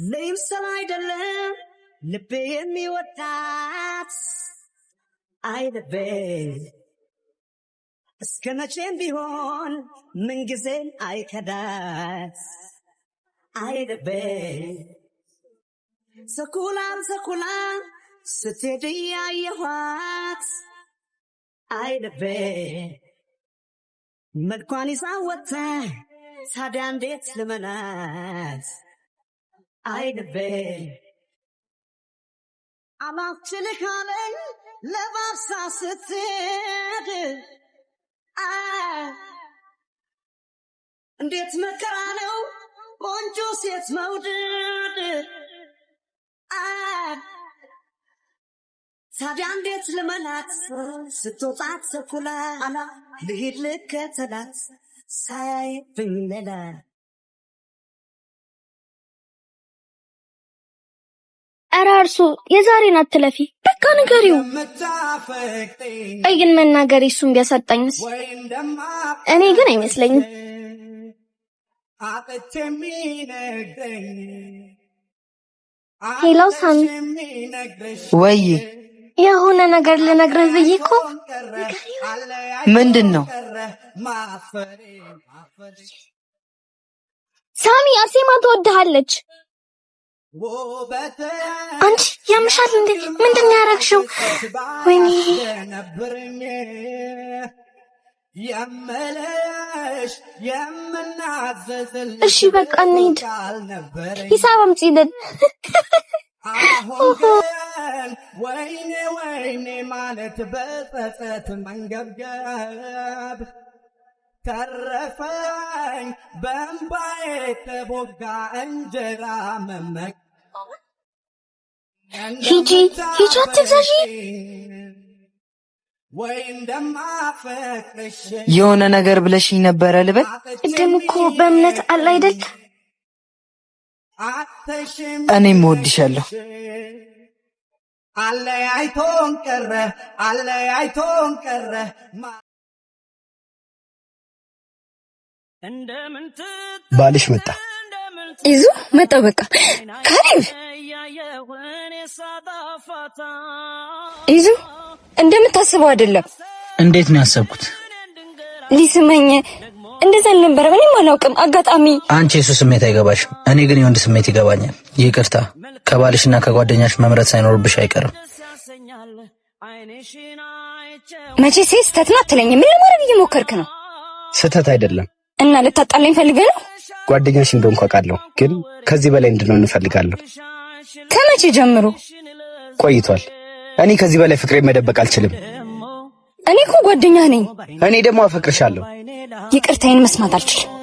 name salaidala le pe mi watats i the be skana chen bi hon mengizen i kadats i the be sakula sakula sete ya ya hat i the be madkwani sa wata sadan አይንቤ አማችን ካለኝ ለባብሳ ስትሄድ እንዴት መከራ ነው ቆንጆ ሴት መውደድ። ታዲያ እንዴት ልመናት ስትወጣት ሰኩላ አላ ልሂድ ልከተላት ሳያይብኝ ሌላ እረ እርሶ የዛሬን አትለፊ፣ በቃ ንገሪው። ቆይ ግን መናገር እሱን ቢያሳጣኝስ? እኔ ግን አይመስለኝም። ሄሎ ሳሚ፣ ወይ የሆነ ነገር ልነግርህ ብዬ እኮ። ምንድን ነው? ሳሚ አርሴማ ትወድሃለች። አንቺ ያምሻል እንዴ? ምንድን ነው ያደረግሽው? ወይኔ እሺ በቃ እንሂድ። ሂሳብ አምጪልን። ወይኔ ወይኔ ማለት በጸጸት መንገብገብ ተረፈኝ በእንባ ተቦጋ እንጀራ መመግ ሂጂ ሂጂ፣ አትግዛሽ የሆነ ነገር ብለሽኝ ነበረ ልበል። ቅድም እኮ በእምነት አለ አይደል? እኔም እወድሻለሁ። አይቶን ቀረ አለ አይቶን ቀረ። ባልሽ መጣ ይዞ መጣ። በቃ ካሪም ይዞ እንደምታስበው አይደለም። እንዴት ነው ያሰብኩት? ሊስመኝ እንደዛ አልነበረም። እኔም አላውቅም፣ አጋጣሚ። አንቺ የሱ ስሜት አይገባሽም፣ እኔ ግን የወንድ ስሜት ይገባኛል። ይቅርታ፣ ከባልሽና ከጓደኛሽ መምረጥ ሳይኖርብሽ አይቀርም። መቼ ሴት ስህተት ነው አትለኝም? ምን ለማድረግ እየሞከርክ ነው? ስህተት አይደለም እና ልታጣላኝ ፈልገህ ነው? ጓደኛሽ እንደሆንኩ አውቃለሁ፣ ግን ከዚህ በላይ እንድንሆን እንፈልጋለሁ። ከመቼ ጀምሮ? ቆይቷል። እኔ ከዚህ በላይ ፍቅሬ መደበቅ አልችልም። እኔ እኮ ጓደኛ ነኝ። እኔ ደግሞ አፈቅርሻለሁ። ይቅርታዬን መስማት አልችልም።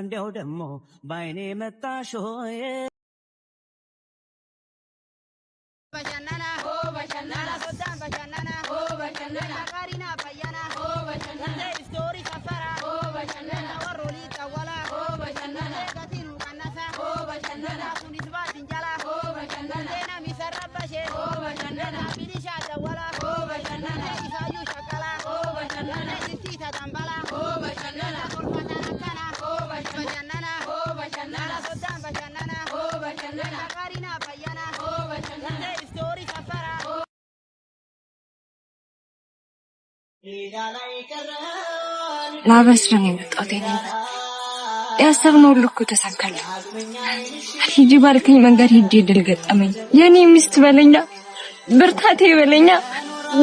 እንዲያው ደግሞ በአይኔ መጣሽ ሆይ በሸነና በሸነና Oh, my oh, oh, God. ላበስር ነው የመጣሁት። ያሰብነው ሁሉ እኮ ተሳካለ። ሂጂ ባልከኝ መንገድ ሂጂ ድል ገጠመኝ። የኔ ሚስት በለኛ፣ ብርታቴ በለኛ፣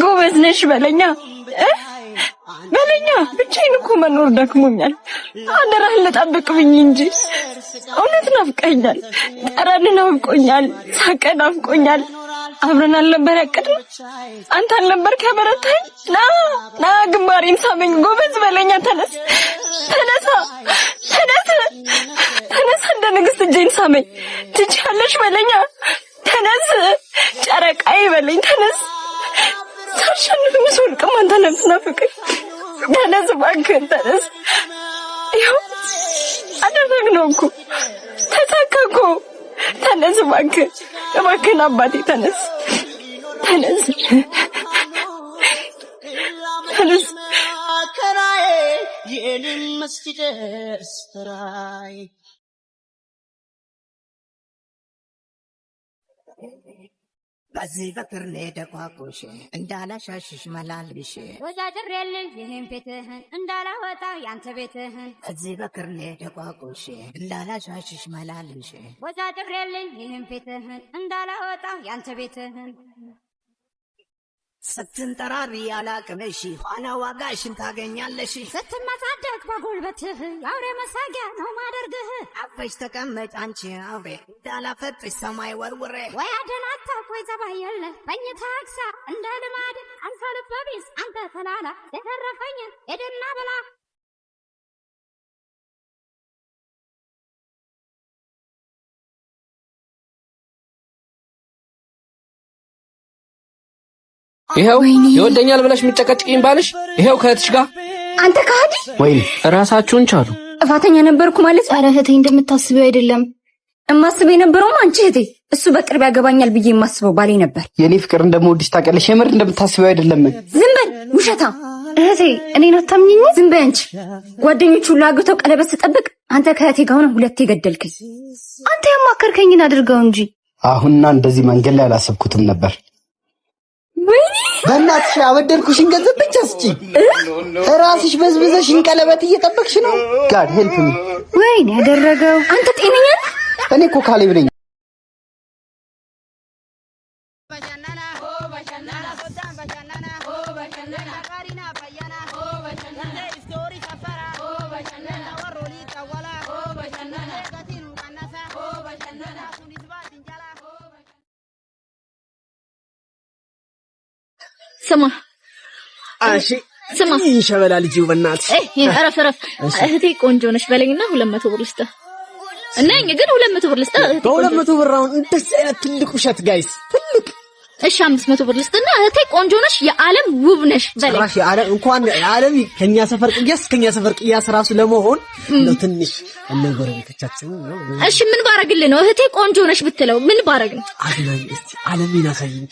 ጎበዝ ነሽ በለኛ በለኛ። ብቻዬን እኮ መኖር ደክሞኛል። አደራህን ልጠብቅብኝ እንጂ እውነት ናፍቀኛል። ጠረን ናፍቆኛል። ሳቀ ናፍቆኛል። አብረን አልነበር ያቀድነው? አንተ አልነበር ከበረታኝ? ና ና፣ ግንባሬን ሳመኝ፣ ጎበዝ በለኛ። ተነስ ተነሳ፣ ተነስ ተነስ፣ እንደ ንግስት እጄን ሳመኝ፣ ትችያለሽ በለኛ። ተነስ ጨረቃዬ በለኝ፣ ተነስ። ታሸንፍ ምስ ወድቅም አንተ ነፍስና ተነስ እባክህን፣ ተነስ። ይኸው አደረግነው እኮ ተሳካ እኮ ተነስ እባክህ፣ እባክህን አባቴ ተነስ። ተነስ ተነስ ከራዬ የእኔም በዚህ ፍቅር ላይ ደቋቁሽ እንዳላሻሽሽ መላልሽ ወዛድሬልህ ይህን ቤትህን እንዳላወጣ ያንተ ቤትህን በዚህ ፍቅር ላይ ደቋቁሽ እንዳላሻሽሽ መላልሽ ወዛድሬልህ ይህን ቤትህን እንዳላወጣ ያንተ ቤትህን ስትንጠራሪ አላቅምሽ ኋላ ዋጋሽን ታገኛለሽ። ስትመጻደቅ በጉልበትህ የአውሬ መሳጊያ ነው ማደርግህ። አበሽ ተቀመጭ አንቺ አውሬ እንዳላፈጥሽ ሰማይ ወርውሬ ወይ አደላታ ወይ ጸባይ የለ በኝታ አክሳ እንደ ልማድ አንተ ልበቢስ አንተ ተላላ የተረፈኝን ሄድና ብላ ይኸው ይወደኛል ብለሽ የምጨቀጭቅኝ ባልሽ ይኸው ከእህትሽ ጋር አንተ ከሃዲ ወይ ራሳችሁን ቻሉ። ጥፋተኛ ነበርኩ ማለት አረ እህቴ፣ እንደምታስበው አይደለም። እማስበ የነበረውም አንቺ እህቴ፣ እሱ በቅርብ ያገባኛል ብዬ የማስበው ባሌ ነበር። የእኔ ፍቅር እንደምወድሽ ታውቂያለሽ። የምር እንደምታስበው አይደለም። ዝም በል ውሸታ እህቴ እኔን አታምኚኝ። ዝም በይ አንቺ። ጓደኞች ሁሉ አግብተው ቀለበት ስጠብቅ አንተ ከእህቴ ጋር ሆነ ሁለቴ ገደልከኝ። አንተ ያማከርከኝን አድርገው እንጂ አሁንና እንደዚህ መንገድ ላይ አላሰብኩትም ነበር። በእናትሽ አበደርኩሽን ገንዘብ ብቻ ስጪ። ራስሽ በዝብዘሽን ቀለበት እየጠበቅሽ ነው። ጋድ ሄልፕ ሚ። ወይኔ ያደረገው አንተ ጤነኛ? እኔ እኮ ካሌብ ነኝ። ስማ እሺ ስማ ይሸበላ ልጅ በእናትሽ እረፍ እረፍ። እህቴ ቆንጆ ነሽ በለኝና ሁለት መቶ ብር ልስጥህ እና እኔ ግን ሁለት መቶ ብር ልስጥህ። በሁለት መቶ ብር አሁን እንደዚህ አይነት ትልቅ ውሸት ጋይስ ትልቅ እሺ፣ አምስት መቶ ብር ልስጥና እህቴ ቆንጆ ነሽ፣ የዓለም ውብ ነሽ በለኝ። ጭራሽ የዓለም እንኳን የዓለም ከኛ ሰፈር ቅያስ ከኛ ሰፈር ቅያስ ራሱ ለመሆን ነው ትንሽ እነ ጎረቤቶቻችን። እሺ ምን ባረግልህ ነው እህቴ ቆንጆ ነሽ ብትለው ምን ባረግ ነው? አዝናኝ እስቲ ዓለምን አሳይኝ።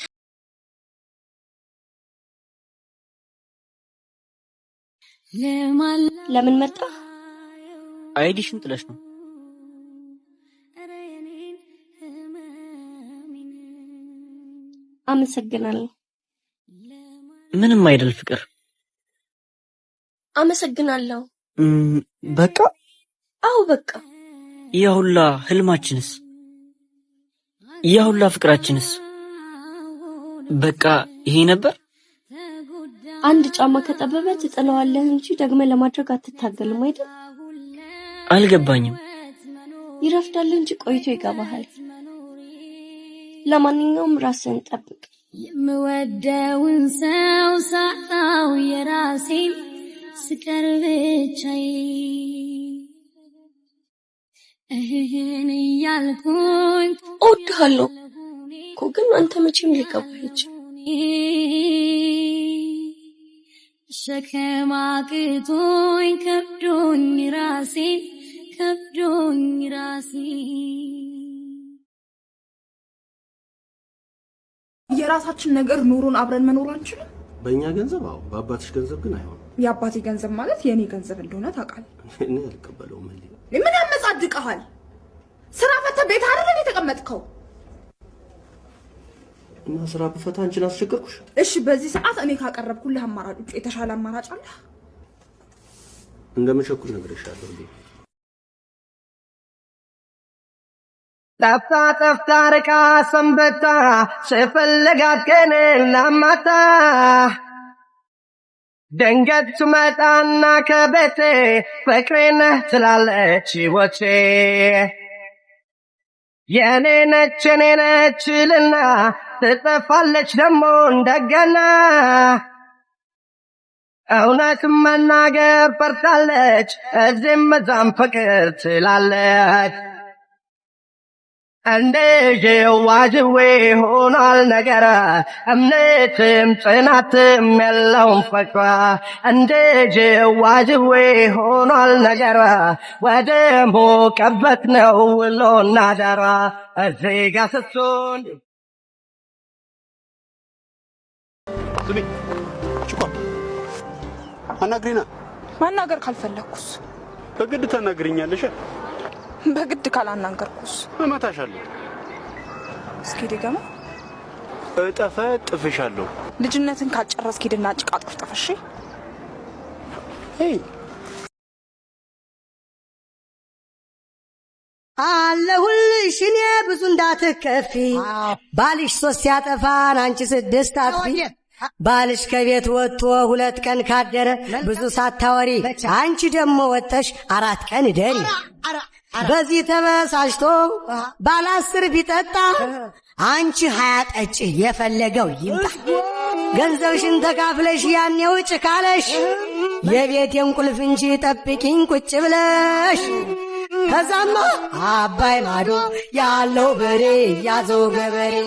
ለምን መጣ? አይዲሽን ጥለሽ ነው። አመሰግናለሁ። ምንም አይደል ፍቅር። አመሰግናለሁ። በቃ አው በቃ ያ ሁላ ህልማችንስ፣ ያ ሁላ ፍቅራችንስ በቃ ይሄ ነበር። አንድ ጫማ ከጠበበ ትጥለዋለህ እንጂ ደግመ ለማድረግ አትታገልም አይደል? አልገባኝም። ይረፍዳል እንጂ ቆይቶ ይገባሃል። ለማንኛውም ራስን ጠብቅ። የምወደውን ሰው ሳጣው የራሴን ስቀር ብቻዬ እህህን እያልኩኝ እወድሃለሁ እኮ ግን አንተ መቼም ሊገባህ ሸክም ከብዶኝ ራሴ ከብዶኝ ራሴ የራሳችን ነገር ኑሮን አብረን መኖር አንችልም። በእኛ ገንዘብ አዎ፣ በአባትሽ ገንዘብ ግን አይሆን። የአባቴ ገንዘብ ማለት የእኔ ገንዘብ እንደሆነ ታውቃለህ። እኔ አልቀበለውም። ምን ያመጻድቀሃል? ስራ ፈተህ ቤት አይደል የተቀመጥከው? እና ስራ ብፈታ አንቺን አስቸገርኩሽ። እሺ፣ በዚህ ሰዓት እኔ ካቀረብኩልህ አማራጭ ውጭ የተሻለ አማራጭ አለ? እንደምቸኩል ነግሬሻለሁ። ጠፍታ ጠፍታ ርቃ ሰንበታ ስፈልጋት ቀን ላማታ ደንገት ትመጣና ከቤቴ ፍቅሬ ነህ ትላለች ሕይወቴ የኔ ነች የኔ ልና ትጠፋለች ደሞ እንደገና። እውነት መናገር ፈርታለች፣ እዚህም እዛም ፍቅር ትላለች። እንዴ ዋጅዌ ሆኗል ነገራ እምነትም ጽናትም የለውም ፍቅራ እንዴ ዋጅዌ ሆኗል ነገራ ወደ ሞቀበት ነው ውሎና ደራ እዚህ ጋር ስሱን ስሚ ችኳ አናግሪና ማናገር ካልፈለግኩስ በግድ ታናግሪኛለሽ በግድ ካላናገርኩስ እመታሻለሁ እስኪ ድገማ እጠፈ ጥፍሻለሁ ልጅነትን ካልጨረስክ ሂድና ጭቃ ጠፍጥፈሽ አለሁልሽ እኔ ብዙ እንዳትከፊ ባልሽ ሶስት ሲያጠፋን አንቺ ስድስት አጥፊ ባልሽ ከቤት ወጥቶ ሁለት ቀን ካደረ ብዙ ሳታወሪ አንቺ ደግሞ ወጠሽ አራት ቀን እደሪ። በዚህ ተበሳጭቶ ባለ አስር ቢጠጣ አንቺ ሀያ ጠጭ፣ የፈለገው ይምጣ። ገንዘብሽን ተካፍለሽ ያኔ ውጭ ካለሽ የቤቴን ቁልፍ እንጂ ጠብቂኝ ቁጭ ብለሽ ከዛማ አባይ ማዶ ያለው በሬ ያዘው ገበሬ